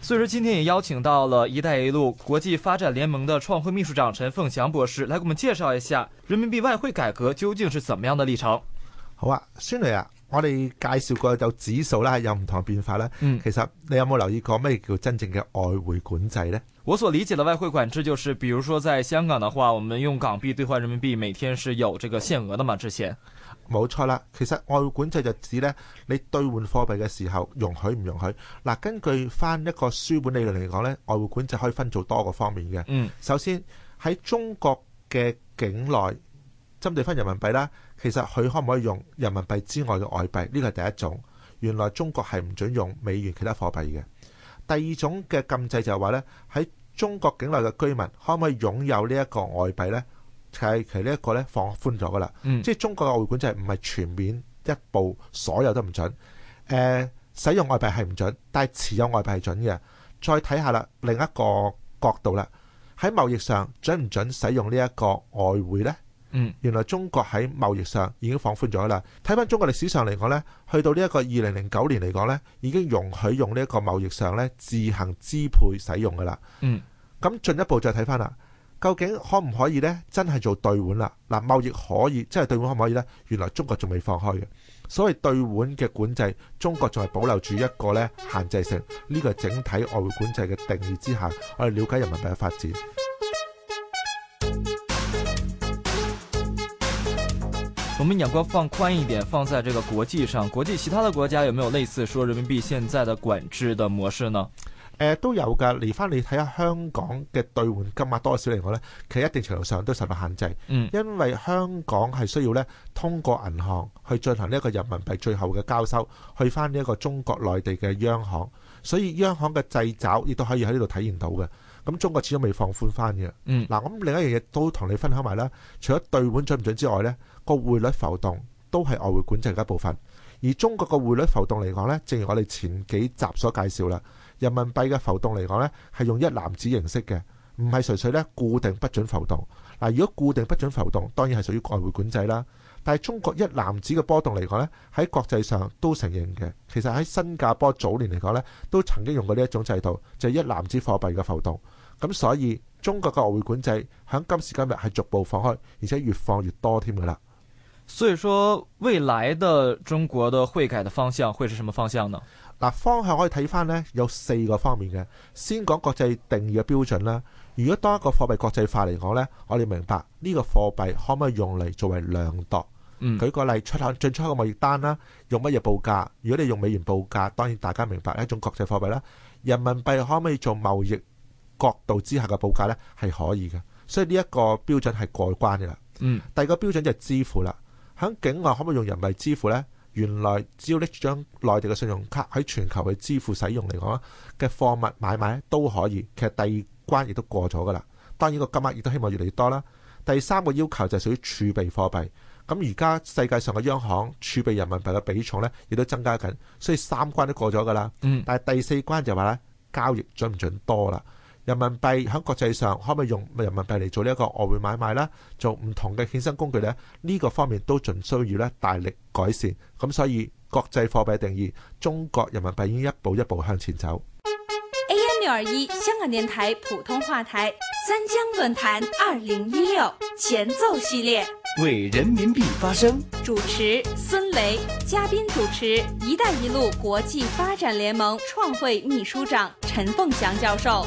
所以說今天也邀請到了“一帶一路”國際發展聯盟的創會秘書長陳鳳翔博士來給我們介紹一下人民幣外匯改革究竟是怎麼樣的歷程。好啊，孫雷啊，我哋介紹過有指數啦，有唔同嘅變化啦。嗯，其實你有冇留意過咩叫真正嘅外匯管制呢？我所理解的外匯管制就是，比如說在香港的話，我們用港幣兌換人民幣，每天是有這個限額的嘛，之前。冇錯啦，其實外匯管制就指咧，你兌換貨幣嘅時候容許唔容許？嗱、啊，根據翻一個書本理論嚟講咧，外匯管制可以分做多個方面嘅。嗯，首先喺中國嘅境內，針對翻人民幣啦，其實佢可唔可以用人民幣之外嘅外幣？呢個係第一種。原來中國係唔準用美元、其他貨幣嘅。第二種嘅禁制就係話呢，喺中國境內嘅居民可唔可以擁有呢一個外幣呢？係其實呢一個咧放寬咗噶啦，即係中國嘅外匯管制唔係全面一步所有都唔准，誒、呃、使用外幣係唔准，但係持有外幣係准嘅。再睇下啦，另一個角度啦，喺貿易上准唔准使用呢一個外匯呢？嗯，原來中國喺貿易上已經放寬咗啦。睇翻中國歷史上嚟講呢，去到呢一個二零零九年嚟講呢，已經容許用呢一個貿易上呢自行支配使用噶啦。嗯，咁進一步再睇翻啦。究竟可唔可以呢？真係做兌換啦！嗱，貿易可以，真係兌換可唔可以呢？原來中國仲未放開嘅。所謂兌換嘅管制，中國仲係保留住一個呢限制性。呢個係整體外匯管制嘅定義之下，我哋了解人民幣嘅發展。我們眼光放寬一點，放在這個國際上，國際其他的國家有沒有類似說人民幣現在的管制的模式呢？誒都有㗎，嚟翻你睇下香港嘅兌換金額多少嚟講，呢其實一定程度上都受到限制，嗯、因為香港係需要呢通過銀行去進行呢一個人民幣最後嘅交收，去翻呢一個中國內地嘅央行，所以央行嘅掣肘亦都可以喺呢度體驗到嘅。咁中國始終未放寬翻嘅。嗱、嗯，咁、啊、另一樣嘢都同你分享埋啦，除咗兌換準唔準之外，呢個匯率浮動都係外匯管制嘅一部分。而中國個匯率浮動嚟講咧，正如我哋前幾集所介紹啦，人民幣嘅浮動嚟講咧，係用一籃子形式嘅，唔係純粹咧固定不准浮動。嗱，如果固定不准浮動，當然係屬於外匯管制啦。但係中國一籃子嘅波動嚟講咧，喺國際上都承認嘅。其實喺新加坡早年嚟講咧，都曾經用過呢一種制度，就係一籃子貨幣嘅浮動。咁所以中國嘅外匯管制喺今時今日係逐步放開，而且越放越多添㗎啦。所以說未來的中國的匯改的方向會是什麼方向呢？嗱，方向可以睇翻呢，有四個方面嘅。先講國際定義嘅標準啦。如果當一個貨幣國際化嚟講呢，我哋明白呢個貨幣可唔可以用嚟作為量度？嗯，舉個例，出口進出口嘅貿易單啦，用乜嘢報價？如果你用美元報價，當然大家明白一種國際貨幣啦。人民幣可唔可以做貿易角度之下嘅報價呢？係可以嘅。所以呢一個標準係過關嘅啦。嗯，第二個標準就係支付啦。喺境外可唔可以用人民幣支付呢？原來只要拎住張內地嘅信用卡喺全球去支付使用嚟講嘅貨物買賣都可以，其實第二關亦都過咗噶啦。當然個金額亦都希望越嚟越多啦。第三個要求就係屬於儲備貨幣，咁，而家世界上嘅央行儲備人民幣嘅比重呢，亦都增加緊，所以三關都過咗噶啦。嗯，但係第四關就話呢，交易準唔準多啦？人民幣喺國際上可唔可以用人民幣嚟做呢一個外匯買賣啦？做唔同嘅衍生工具呢，呢、這個方面都盡需要咧大力改善。咁所以國際貨幣定義，中國人民幣已經一步一步向前走。AM 六二一香港電台普通話台三江論壇二零一六前奏系列為人民幣發聲，主持孫雷，嘉賓主持一帶一路國際發展聯盟創會秘書長陳鳳祥教授。